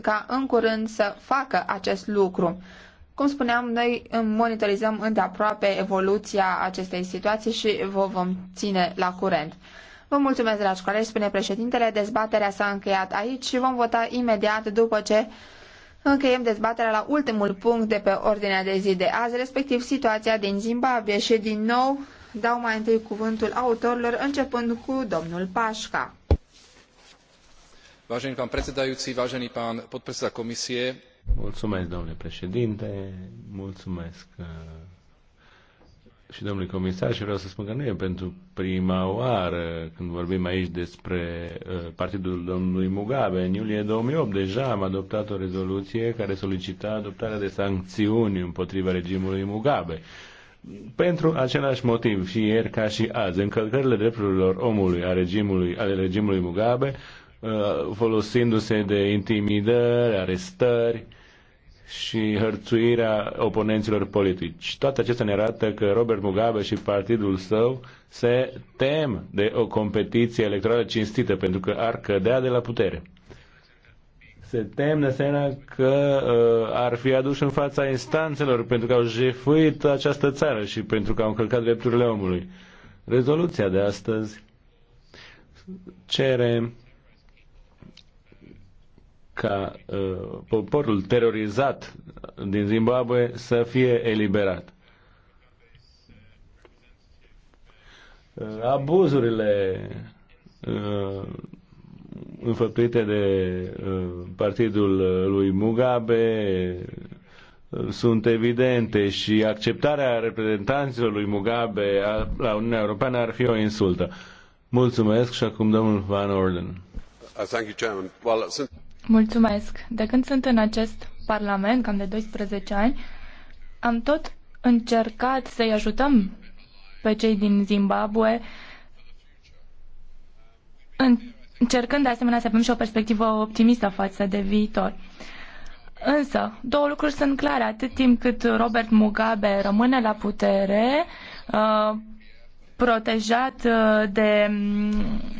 ca în curând să facă acest lucru. Cum spuneam, noi monitorizăm îndeaproape evoluția acestei situații și vă vom ține la curent. Vă mulțumesc, dragi colegi, spune președintele. Dezbaterea s-a încheiat aici și vom vota imediat după ce încheiem dezbaterea la ultimul punct de pe ordinea de zi de azi, respectiv situația din Zimbabwe și din nou dau mai întâi cuvântul autorilor, începând cu domnul Pașca vážený pán predsedajúci vážený pán podpredseda komisie Mulțumesc, domnule președinte, mulțumesc uh, și domnului comisar și vreau să spun că nu e pentru prima oară când vorbim aici despre uh, partidul domnului Mugabe. În iulie 2008 deja am adoptat o rezoluție care solicita adoptarea de sancțiuni împotriva regimului Mugabe. Pentru același motiv și ieri ca și azi, încălcările drepturilor omului a regimului, ale regimului Mugabe Uh, folosindu-se de intimidări, arestări și hărțuirea oponenților politici. Toate acestea ne arată că Robert Mugabe și partidul său se tem de o competiție electorală cinstită pentru că ar cădea de la putere se tem de asemenea că uh, ar fi adus în fața instanțelor pentru că au jefuit această țară și pentru că au încălcat drepturile omului. Rezoluția de astăzi cere ca uh, poporul terorizat din Zimbabwe să fie eliberat. Uh, abuzurile uh, înfăptuite de uh, partidul lui Mugabe uh, sunt evidente și acceptarea reprezentanților lui Mugabe la Uniunea Europeană ar fi o insultă. Mulțumesc și acum domnul Van Orden. Uh, Mulțumesc. De când sunt în acest parlament, cam de 12 ani, am tot încercat să-i ajutăm pe cei din Zimbabwe, încercând de asemenea să avem și o perspectivă optimistă față de viitor. Însă, două lucruri sunt clare. Atât timp cât Robert Mugabe rămâne la putere, uh, protejat uh, de,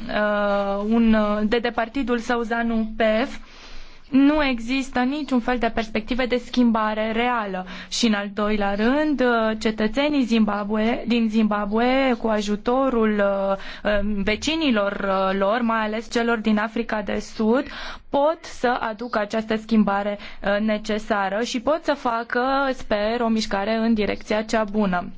uh, un, de, de partidul său ZANU-PF, nu există niciun fel de perspective de schimbare reală. Și în al doilea rând, uh, cetățenii Zimbabwe, din Zimbabwe, cu ajutorul uh, um, vecinilor uh, lor, mai ales celor din Africa de Sud, pot să aducă această schimbare necesară și pot să facă, sper, o mișcare în direcția cea bună.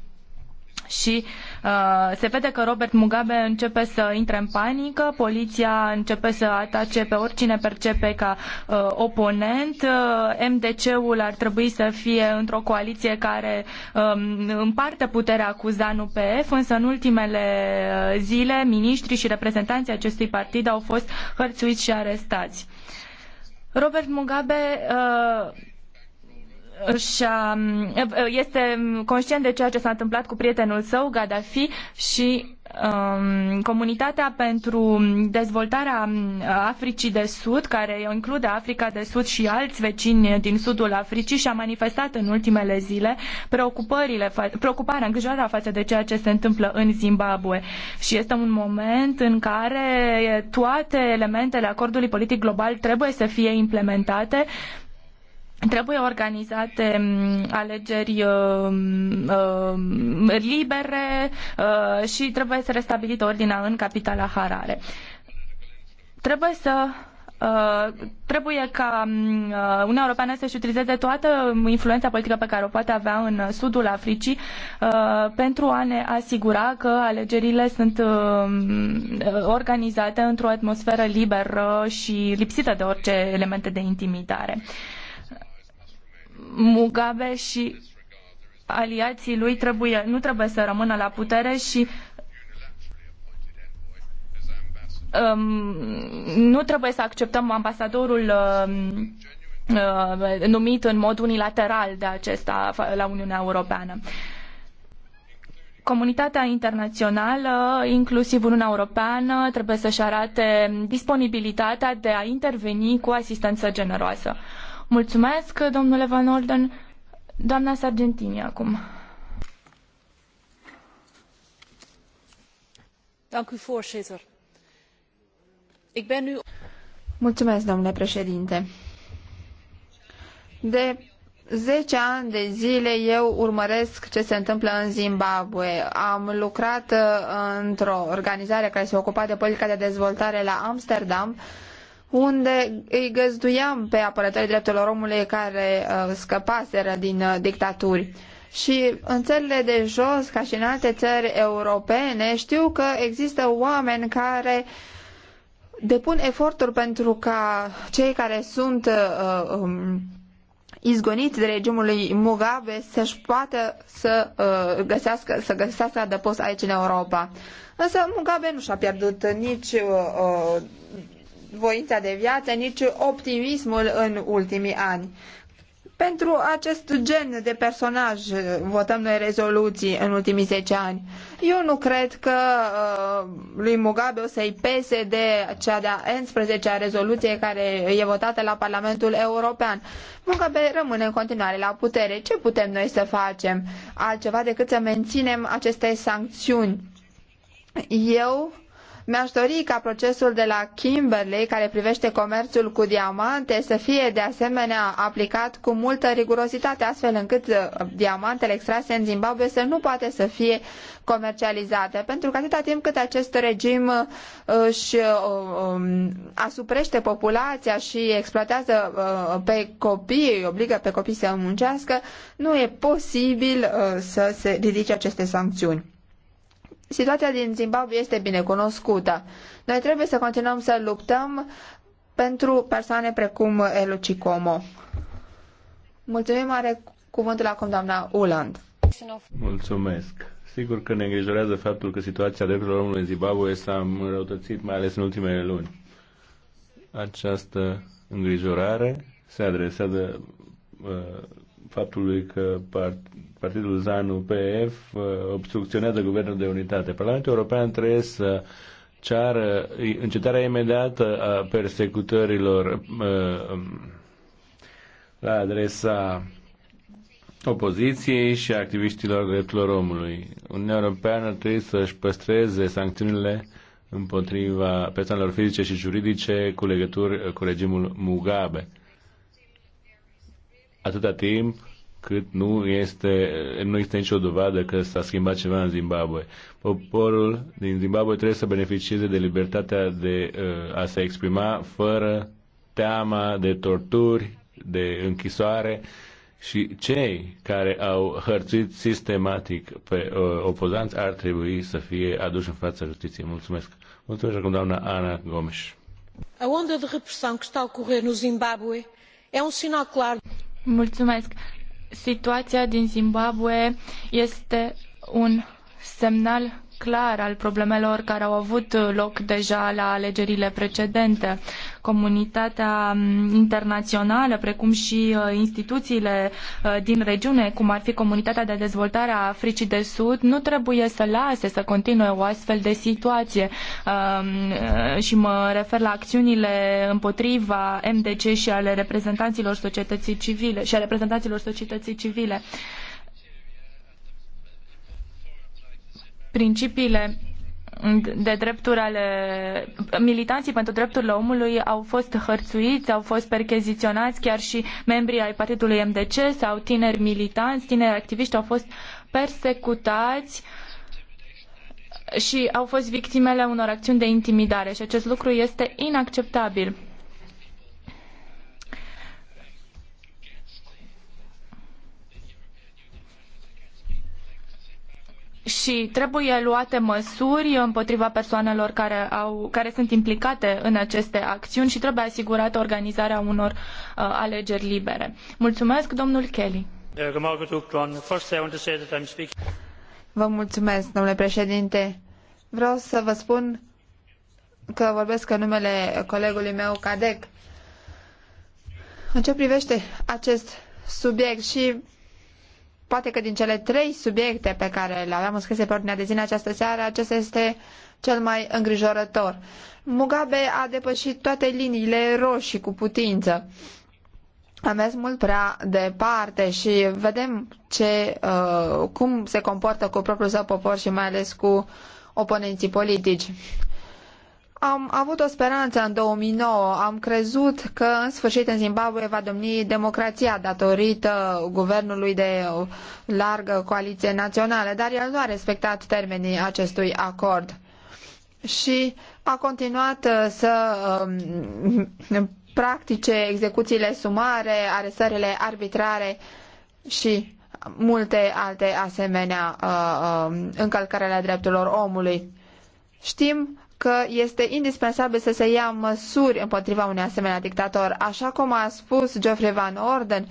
Și uh, Uh, se vede că Robert Mugabe începe să intre în panică, poliția începe să atace pe oricine percepe ca uh, oponent, uh, MDC-ul ar trebui să fie într-o coaliție care um, împarte puterea cu ZANU-PF, însă în ultimele zile miniștrii și reprezentanții acestui partid au fost hărțuiți și arestați. Robert Mugabe uh, și um, este conștient de ceea ce s-a întâmplat cu prietenul său, Gaddafi, și um, comunitatea pentru dezvoltarea um, Africii de Sud, care include Africa de Sud și alți vecini din sudul Africii, și-a manifestat în ultimele zile preocupările, preocuparea, îngrijorarea față de ceea ce se întâmplă în Zimbabwe. Și este un moment în care toate elementele acordului politic global trebuie să fie implementate Trebuie organizate mm, alegeri uh, uh, libere uh, și trebuie să restabilită ordinea în capitala Harare. Trebuie să Uh, trebuie ca Uniunea Europeană să-și utilizeze toată influența politică pe care o poate avea în sudul Africii uh, pentru a ne asigura că alegerile sunt uh, organizate într-o atmosferă liberă și lipsită de orice elemente de intimidare. Uh, Mugabe și aliații lui trebuie, nu trebuie să rămână la putere și um, nu trebuie să acceptăm ambasadorul um, uh, numit în mod unilateral de acesta la Uniunea Europeană. Comunitatea internațională, inclusiv Uniunea Europeană, trebuie să-și arate disponibilitatea de a interveni cu asistență generoasă. Mulțumesc, domnule Van Orden. Doamna Sargentini acum. Mulțumesc, domnule președinte. De Zece ani de zile eu urmăresc ce se întâmplă în Zimbabwe. Am lucrat uh, într-o organizare care se ocupa de politica de dezvoltare la Amsterdam unde îi găzduiam pe apărătorii drepturilor omului care uh, scăpaseră din uh, dictaturi. Și în țările de jos, ca și în alte țări europene, știu că există oameni care depun eforturi pentru ca cei care sunt uh, um, izgoniți de regimul Mugabe să-și poată să uh, găsească, să găsească adăpost aici în Europa. Însă Mugabe nu și-a pierdut nici uh, uh voința de viață, nici optimismul în ultimii ani. Pentru acest gen de personaj uh, votăm noi rezoluții în ultimii 10 ani. Eu nu cred că uh, lui Mugabe o să-i pese de cea de-a 11-a rezoluție care e votată la Parlamentul European. Mugabe rămâne în continuare la putere. Ce putem noi să facem altceva decât să menținem aceste sancțiuni? Eu mi-aș dori ca procesul de la Kimberley, care privește comerțul cu diamante, să fie de asemenea aplicat cu multă rigurozitate, astfel încât uh, diamantele extrase în Zimbabwe să nu poate să fie comercializate, pentru că atâta timp cât acest regim uh, își uh, um, asuprește populația și exploatează pe copii, îi obligă pe copii să muncească, nu e posibil să se ridice aceste sancțiuni. Situația din Zimbabwe este bine cunoscută. Noi trebuie să continuăm să luptăm pentru persoane precum Elu Cicomo. Mulțumim, are cuvântul acum doamna Uland. Mulțumesc. Sigur că ne îngrijorează faptul că situația drepturilor omului în Zimbabwe s-a înrăutățit, mai ales în ultimele luni. Această îngrijorare se adresează uh, faptului că partidul ZANU-PF uh, obstrucționează guvernul de unitate. Parlamentul European trebuie să ceară încetarea imediată a persecutărilor uh, la adresa opoziției și activiștilor drepturilor omului. Uniunea Europeană trebuie să-și păstreze sancțiunile împotriva persoanelor fizice și juridice cu legături cu regimul Mugabe atâta timp cât nu, este, nu există nicio dovadă că s-a schimbat ceva în Zimbabwe. Poporul din Zimbabwe trebuie să beneficieze de libertatea de uh, a se exprima fără teama de torturi, de închisoare și cei care au hărțuit sistematic pe uh, opozanți ar trebui să fie aduși în fața justiției. Mulțumesc. Mulțumesc acum doamna Ana Gomes. A onda de repressão que está a ocorrer no Zimbabwe é um sinal claro. Mulțumesc. Situația din Zimbabwe este un semnal clar al problemelor care au avut loc deja la alegerile precedente. Comunitatea mm, internațională, precum și uh, instituțiile uh, din regiune, cum ar fi Comunitatea de Dezvoltare a Africii de Sud, nu trebuie să lase să continue o astfel de situație. Um, uh, și mă refer la acțiunile împotriva MDC și ale reprezentanților societății civile și a reprezentanților societății civile. principiile de drepturi ale militanții pentru drepturile omului au fost hărțuiți, au fost percheziționați, chiar și membrii ai partidului MDC sau tineri militanți, tineri activiști au fost persecutați și au fost victimele unor acțiuni de intimidare și acest lucru este inacceptabil. și trebuie luate măsuri împotriva persoanelor care, au, care sunt implicate în aceste acțiuni și trebuie asigurată organizarea unor uh, alegeri libere. Mulțumesc, domnul Kelly. Vă mulțumesc, domnule președinte. Vreau să vă spun că vorbesc în numele colegului meu, Cadec. În ce privește acest subiect și poate că din cele trei subiecte pe care le aveam înscrise pe ordinea de zi în această seară, acesta este cel mai îngrijorător. Mugabe a depășit toate liniile roșii cu putință. A mers mult prea departe și vedem ce, uh, cum se comportă cu propriul său popor și mai ales cu oponenții politici. Am avut o speranță în 2009, am crezut că în sfârșit în Zimbabwe va domni democrația datorită guvernului de largă coaliție națională, dar el nu a respectat termenii acestui acord și a continuat uh, să um, practice execuțiile sumare, arestările arbitrare și multe alte asemenea uh, uh, încălcări ale drepturilor omului. Știm că este indispensabil să se ia măsuri împotriva unui asemenea dictator. Așa cum a spus Geoffrey Van Orden,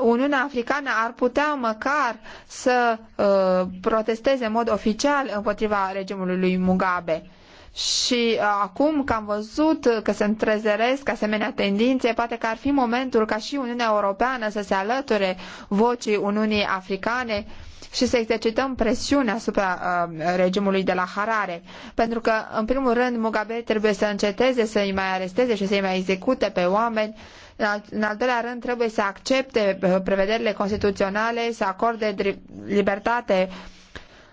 Uniunea Africană ar putea măcar să uh, protesteze în mod oficial împotriva regimului lui Mugabe. Și uh, acum că am văzut că se întrezăresc asemenea tendințe, poate că ar fi momentul ca și Uniunea Europeană să se alăture vocii Uniunii Africane uh, și să exercităm presiune asupra uh, regimului de la Harare. Pentru că, în primul rând, Mugabe trebuie să înceteze să-i mai aresteze și să-i mai execute pe oameni. În al, doilea rând, trebuie să accepte uh, prevederile constituționale, să acorde libertate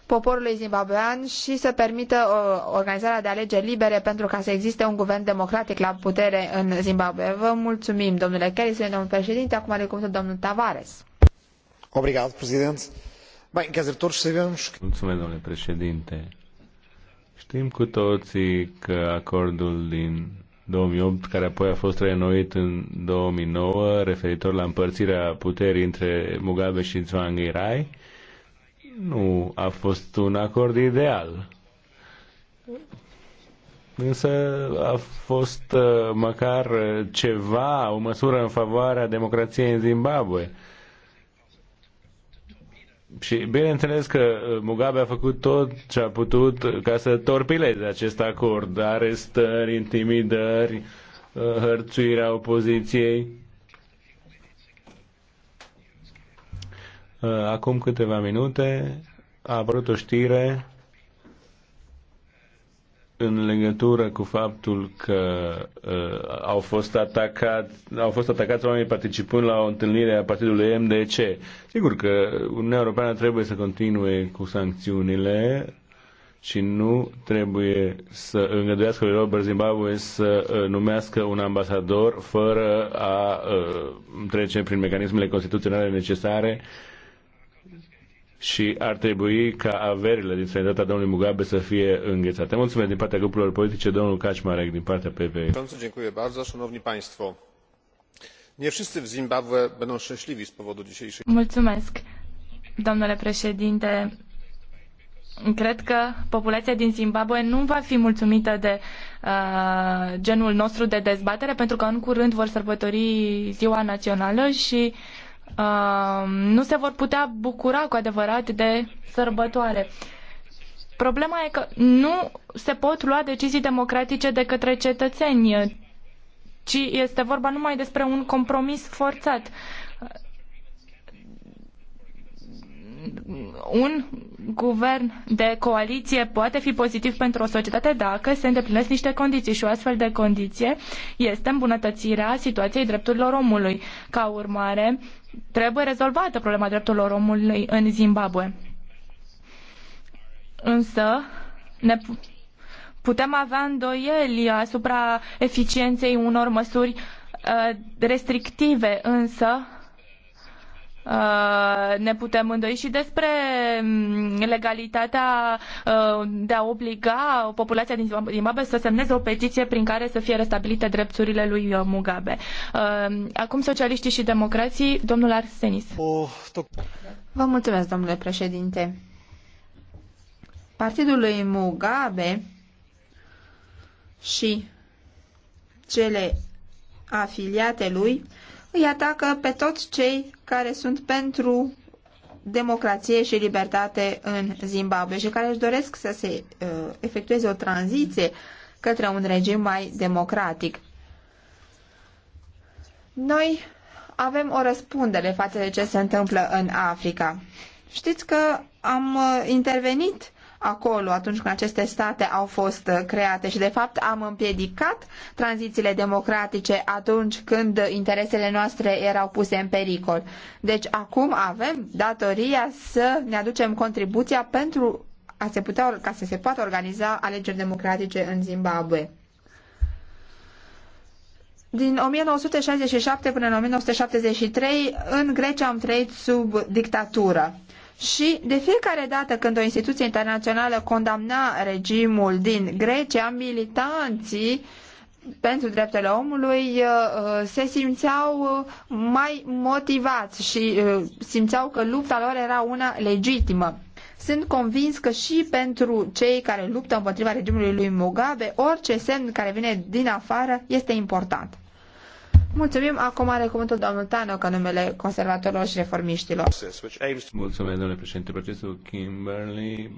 poporului zimbabwean și să permită uh, organizarea de alegeri libere pentru ca să existe un guvern democratic la putere în Zimbabwe. Vă mulțumim, domnule Kelly, domnul președinte. Acum are cuvântul domnul Tavares. Obrigado, presidente. Știm cu toții că acordul din 2008, care apoi a fost reînnoit în 2009, referitor la împărțirea puterii între Mugabe și Tsvangirai, nu a fost un acord ideal. Însă a fost uh, măcar uh, ceva, o măsură în favoarea democrației în Zimbabwe și bineînțeles că uh, Mugabe a făcut tot ce a putut uh, ca să torpileze acest acord. Arestări, intimidări, uh, hărțuirea opoziției. Acum câteva minute a apărut o știre în legătură cu faptul că uh, au, fost atacat, au fost atacați oamenii participând la o întâlnire a partidului MDC. Sigur că Uniunea Europeană trebuie să continue cu sancțiunile și nu trebuie să îngăduiască lui Robert Zimbabwe să uh, numească un ambasador fără a uh, trece prin mecanismele constituționale necesare uh, și ar trebui ca averile din sănătatea domnului Mugabe să fie înghețate. Mulțumesc din partea grupurilor politice, domnul Kaczmarek din partea PPE. Dziękuję bardzo, szanowni państwo. Nie wszyscy w Zimbabwe będą szczęśliwi z powodu dzisiejszej... Mulțumesc, domnule președinte. Cred că populația din Zimbabwe nu va fi mulțumită de uh, genul nostru de dezbatere, pentru că în curând vor sărbători ziua națională și uh, Um, nu se vor putea bucura cu adevărat de sărbătoare. Problema e că nu se pot lua decizii democratice de către cetățeni, ci este vorba numai despre un compromis forțat. Uh, un guvern de coaliție poate fi pozitiv pentru o societate dacă se îndeplinesc niște condiții și o astfel de condiție este îmbunătățirea situației drepturilor omului. Ca urmare, trebuie rezolvată problema drepturilor omului în Zimbabwe. Însă, ne putem avea îndoieli asupra eficienței unor măsuri uh, restrictive, însă ne putem îndoi și despre mm, legalitatea ă, de a obliga populația din Zimbabwe să semneze o petiție prin care să fie restabilite drepturile lui ă, Mugabe. Ă, acum socialiștii și democrații, domnul Arsenis. Vă mulțumesc, domnule președinte. Partidul lui Mugabe și cele afiliate lui îi atacă pe toți cei care sunt pentru democrație și libertate în Zimbabwe și care își doresc să se uh, efectueze o tranziție către un regim mai democratic. Noi avem o răspundere față de ce se întâmplă în Africa. Știți că am uh, intervenit acolo atunci când aceste state au fost create și de fapt am împiedicat tranzițiile democratice atunci când interesele noastre erau puse în pericol. Deci acum avem datoria să ne aducem contribuția pentru a se putea, ca să se poată organiza alegeri democratice în Zimbabwe. Din 1967 până în 1973, în Grecia am trăit sub dictatură. Și de fiecare dată când o instituție internațională condamna regimul din Grecia, militanții pentru drepturile omului uh, uh, se simțeau uh, mai motivați și simțeau că lupta lor era una legitimă. Sunt convins că și pentru cei care luptă împotriva regimului lui Mugabe, orice semn care vine din afară este important. Mulțumim. Acum are cuvântul domnul Tanoc în numele conservatorilor și reformiștilor. Mulțumesc, domnule președinte. Procesul Kimberley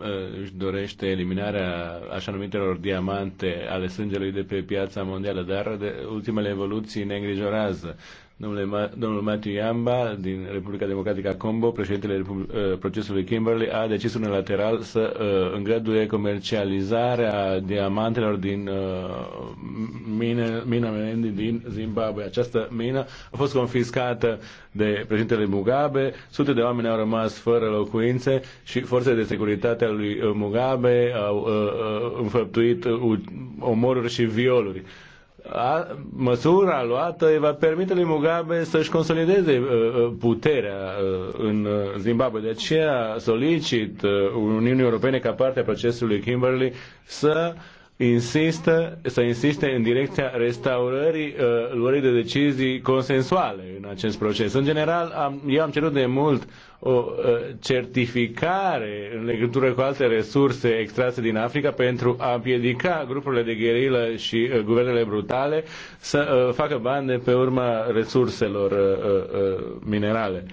uh, își dorește eliminarea așa numitelor diamante ale sângelui de pe piața mondială, dar ultimele evoluții ne îngrijorează Domnule, domnul Matiu Iamba, din Republica Democratică Combo, președintele Repub- uh, procesului Kimberley, a decis unilateral să uh, îngăduie comercializarea diamantelor din uh, mine, mina Menendi din Zimbabwe. Această mină a fost confiscată de președintele Mugabe, sute de oameni au rămas fără locuințe și forțele de securitate a lui Mugabe au uh, uh, înfăptuit uh, omoruri și violuri. Uh, a, măsura luată îi va permite lui Mugabe să-și consolideze uh, uh, puterea uh, în Zimbabwe. De aceea solicit Uniunii Europene ca parte a procesului Kimberley să uh, insistă, să insiste în direcția restaurării uh, luării de decizii consensuale în acest proces. În general, am, eu am cerut de mult o uh, certificare în legătură cu alte resurse extrase din Africa pentru a împiedica grupurile de gherilă și uh, guvernele brutale să uh, facă bani de pe urma resurselor uh, uh, uh minerale. Uh,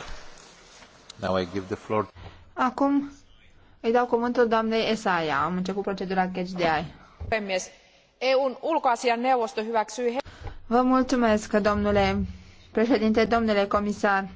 Now I give the floor. Acum îi dau cuvântul doamnei Esaia. Am început procedura catch de ai. EUn hyväksyi... Vă mulțumesc, domnule președinte, domnule comisar.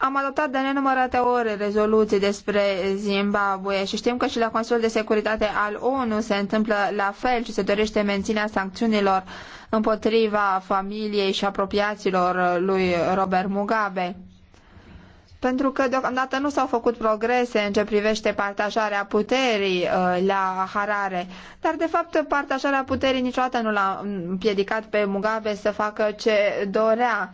Am adoptat de nenumărate ori rezoluții despre Zimbabwe și știm că și la Consiliul de Securitate al ONU se întâmplă la fel și se dorește menținerea sancțiunilor împotriva familiei și apropiaților lui Robert Mugabe. Pentru că deocamdată nu s-au făcut progrese în ce privește partajarea puterii uh, la Harare, dar de fapt partajarea puterii niciodată nu l-a împiedicat pe Mugabe să facă ce dorea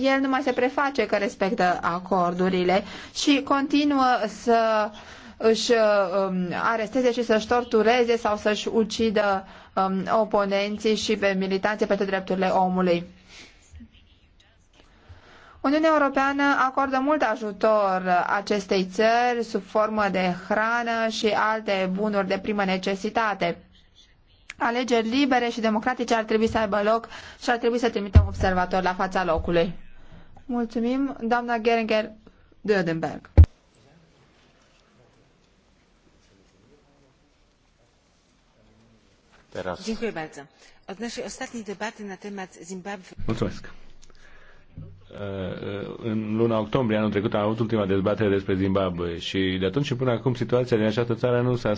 el nu mai se preface că respectă acordurile și continuă să își um, aresteze și să-și tortureze sau să-și ucidă um, oponenții și pe militanții pentru drepturile omului. Uniunea Europeană acordă mult ajutor acestei țări sub formă de hrană și alte bunuri de primă necesitate. Alegeri libere și democratice ar trebui să aibă loc și ar trebui să trimitem observatori la fața locului. Mulțumim, doamna Geringer Dödenberg. Teraz. Dziękuję bardzo. Od naszej ostatniej debaty na temat Zimbabwe. Mulțumesc. Uh, în luna octombrie anul trecut am avut ultima dezbatere despre Zimbabwe și de atunci și până acum situația din această țară nu s-a...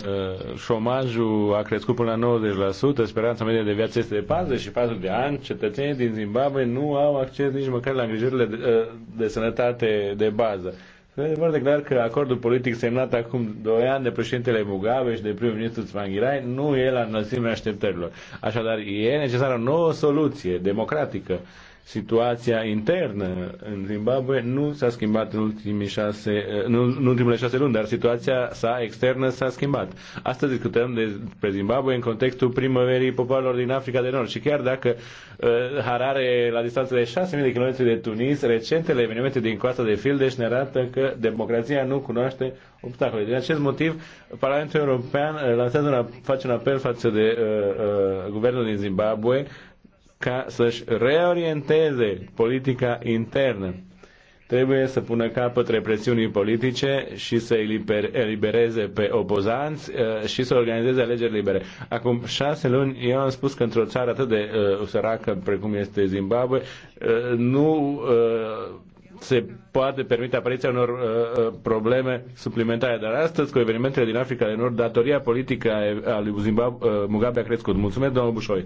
Uh, șomajul a crescut până la 90%, speranța medie de viață este de 44 de ani, cetățenii din Zimbabwe nu au acces nici măcar la îngrijirile de, uh, de sănătate de bază. E foarte clar că acordul politic semnat acum 2 ani de președintele Mugabe și de prim-ministru Tsvangirai nu e la înălțimea așteptărilor. Așadar, e necesară o nouă soluție democratică situația internă în Zimbabwe nu s-a schimbat în, ultimii șase, eh, nu, în ultimele șase luni, dar situația sa externă s-a schimbat. Astăzi discutăm despre Zimbabwe în contextul primăverii popoarelor din Africa de Nord și chiar dacă uh, eh, Harare la distanță de 6.000 de km de Tunis, recentele evenimente din coasta de Fildeș ne arată că democrația nu cunoaște obstacole. Din acest motiv, Parlamentul European eh, lansează un, face un apel față de uh, uh, guvernul din Zimbabwe uh, ca să-și reorienteze politica internă. Trebuie să pună capăt represiunii politice și să elibereze pe opozanți uh, și să organizeze alegeri libere. Acum șase luni eu am spus că într-o țară atât de uh, săracă precum este Zimbabwe, uh, nu uh, se poate permite apariția unor uh, uh probleme suplimentare. Dar astăzi, cu evenimentele din Africa de Nord, datoria politică a lui Zimbabwe, uh, Mugabe a crescut. Mulțumesc, domnul Bușoi.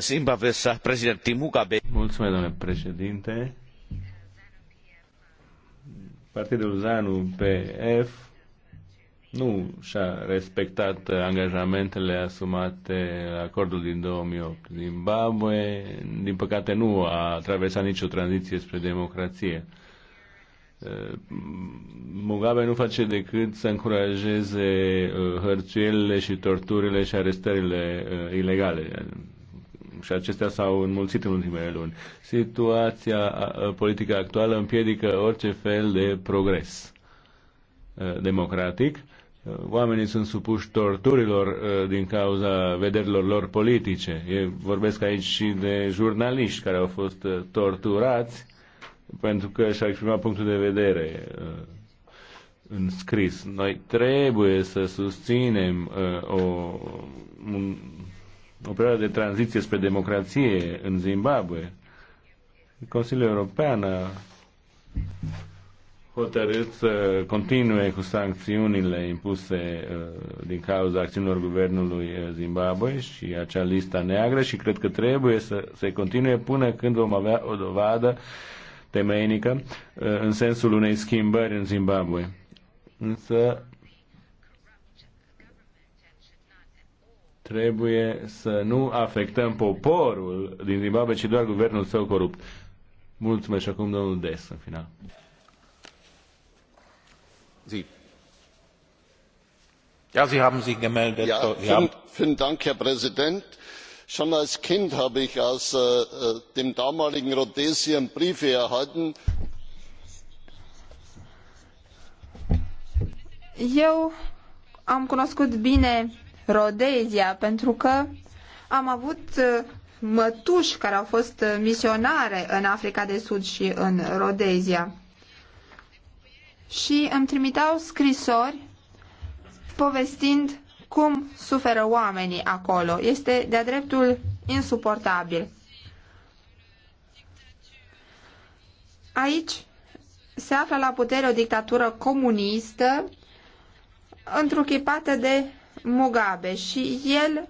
Zimbabwessa presidentti Mugabe. Mulțumesc, domnule președinte. Partidul ZANU PF nu și-a respectat angajamentele asumate la acordul din 2008. Zimbabwe, din păcate, nu a traversat nicio tranziție spre democrație. Mugabe nu face decât să încurajeze uh, hărțuielile și torturile și arestările uh, ilegale și acestea s-au înmulțit în ultimele luni. Situația politică actuală împiedică orice fel de progres democratic. Oamenii sunt supuși torturilor din cauza vederilor lor politice. Eu vorbesc aici și de jurnaliști care au fost torturați pentru că și-au exprimat punctul de vedere în scris. Noi trebuie să susținem uh, o, un o perioadă de tranziție spre democrație în Zimbabwe. Consiliul European a hotărât să continue cu sancțiunile impuse uh, din cauza acțiunilor guvernului uh, Zimbabwe și acea lista neagră și cred că trebuie să se continue până când vom avea o dovadă temeinică uh, în sensul unei schimbări în Zimbabwe. Însă trebuie să nu afectăm poporul din Zimbabwe, ci doar guvernul său corupt. Mulțumesc și acum domnul Des, în final. Zi. Ja, Sie haben sich gemeldet. Ja, vielen, vielen Dank, Herr Präsident. Schon als Kind habe ich aus äh, dem damaligen Rhodesien Briefe erhalten. Eu am cunoscut bine Rodezia, pentru că am avut uh, mătuși care au fost uh, misionare în Africa de Sud și în Rodezia. Și îmi trimiteau scrisori povestind cum suferă oamenii acolo. Este de-a dreptul insuportabil. Aici se află la putere o dictatură comunistă întruchipată de Mugabe și el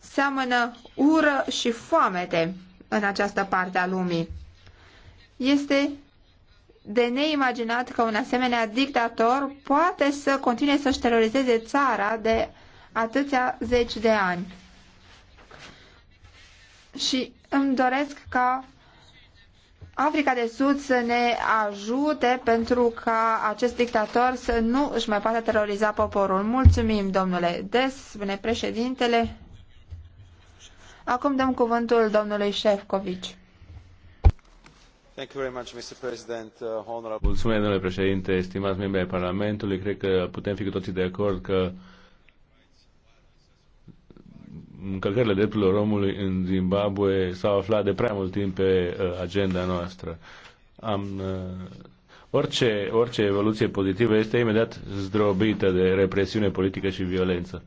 seamănă ură și foamete în această parte a lumii. Este de neimaginat că un asemenea dictator poate să continue să-și terorizeze țara de atâția zeci de ani. Și îmi doresc ca Africa de Sud să ne ajute pentru ca acest dictator să nu își mai poată teroriza poporul. Mulțumim, domnule Des, spune președintele. Acum dăm cuvântul domnului Șefcovici. Uh, Mulțumesc, domnule președinte, stimați membri ai Parlamentului. Cred că putem fi cu toții de acord că încălcările drepturilor omului în Zimbabwe s-au aflat de prea mult timp pe uh, agenda noastră. Am, uh, orice, orice evoluție pozitivă este imediat zdrobită de represiune politică și violență.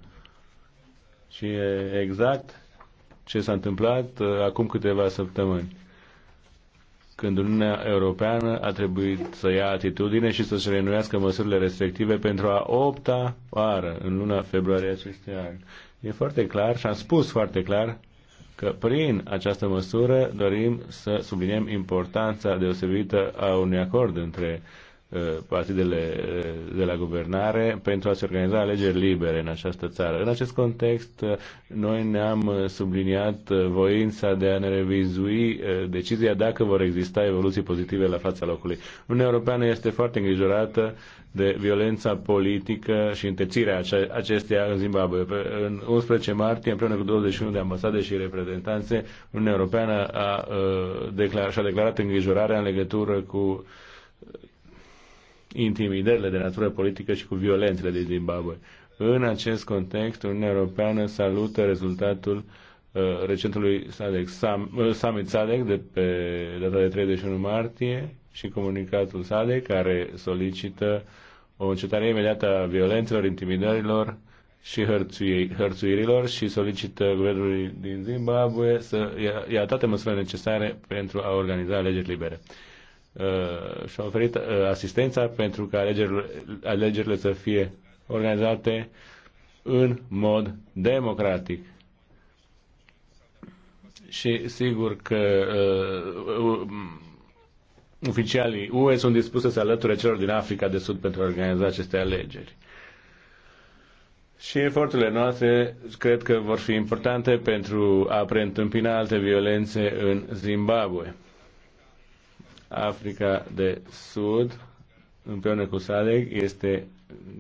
Și e exact ce s-a întâmplat uh, acum câteva săptămâni când Uniunea Europeană a trebuit să ia atitudine și să-și renuiască măsurile respective pentru a opta oară în luna februarie acestui an. E foarte clar și am spus foarte clar că prin această măsură dorim să subliniem importanța deosebită a unui acord între Uh, partidele uh, de la guvernare pentru a se organiza alegeri libere în această țară. În acest context, uh, noi ne-am subliniat voința de a ne revizui decizia dacă vor exista evoluții pozitive la fața locului. Uniunea Europeană este foarte îngrijorată de violența politică și întețirea acesteia în Zimbabwe. În 11 martie, împreună cu 21 de ambasade și reprezentanțe, Uniunea Europeană a, a, declar, și-a declarat îngrijorarea în legătură cu intimidările de natură politică și cu violențele din Zimbabwe. În acest context, Uniunea Europeană salută rezultatul uh, recentului SADC, Sam, uh, Summit SADEC de pe data de 31 martie și comunicatul SADEC care solicită o încetare imediată a violențelor, intimidărilor și hărțui, hărțuirilor și solicită guvernului din Zimbabwe să ia, ia toate măsurile necesare pentru a organiza alegeri libere. Uh, și-a oferit uh, asistența pentru ca alegerile, alegerile să fie organizate în mod democratic. Și sigur că uh, uh oficialii UE sunt dispuși să se alăture celor din Africa de Sud pentru a organiza aceste alegeri. Și eforturile noastre cred că vor fi importante pentru a preîntâmpina alte violențe în Zimbabwe. Africa de Sud, împreună cu SADC, este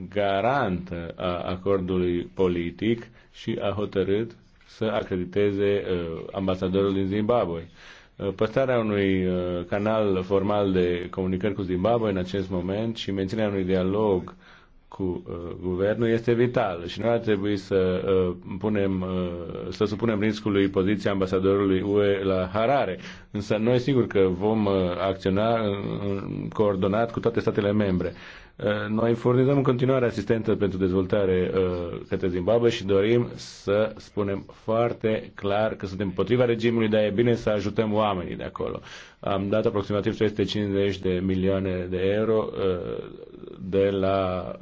garant a acordului politic și a hotărât să acrediteze uh, ambasadorul din Zimbabwe. Uh, Păstarea unui uh, canal formal de comunicări cu Zimbabwe în acest moment și menținerea unui dialog uh, cu uh, guvernul este vital și nu ar trebui să uh, punem, uh, să supunem riscului poziția ambasadorului UE la Harare. Însă noi sigur că vom uh, acționa uh, coordonat cu toate statele membre. Uh, Uh, noi furnizăm în continuare asistență pentru dezvoltare uh, către Zimbabwe și dorim să spunem foarte clar că suntem împotriva regimului, dar e bine să ajutăm oamenii de acolo. Am dat aproximativ 350 de milioane de euro uh, de la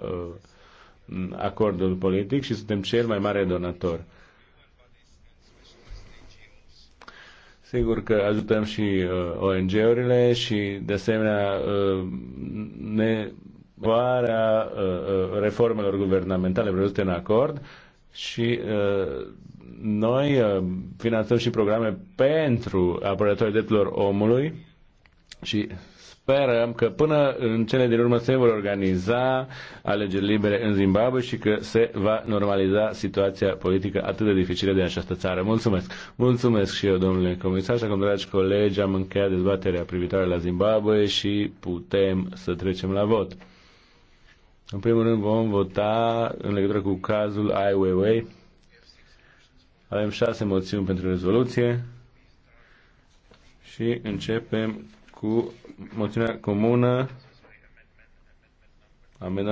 acordul politic și suntem cel mai mare donator. Sigur că ajutăm și uh, ONG-urile și de asemenea uh, ne evaluarea uh, uh, reformelor guvernamentale prevăzute în acord și uh, noi finanțăm și programe pentru apărătorii drepturilor omului și sperăm că până în cele din urmă se vor organiza alegeri libere în Zimbabwe și că se va normaliza situația politică atât de dificilă de această țară. Mulțumesc! Mulțumesc și eu, domnule comisar, și acum, dragi colegi, am încheiat dezbaterea privitoare la Zimbabwe și putem să trecem la vot. În primul rând vom vota în legătură cu cazul Ai Weiwei. Avem șase moțiuni pentru rezoluție și începem cu moțiunea comună. Amendament.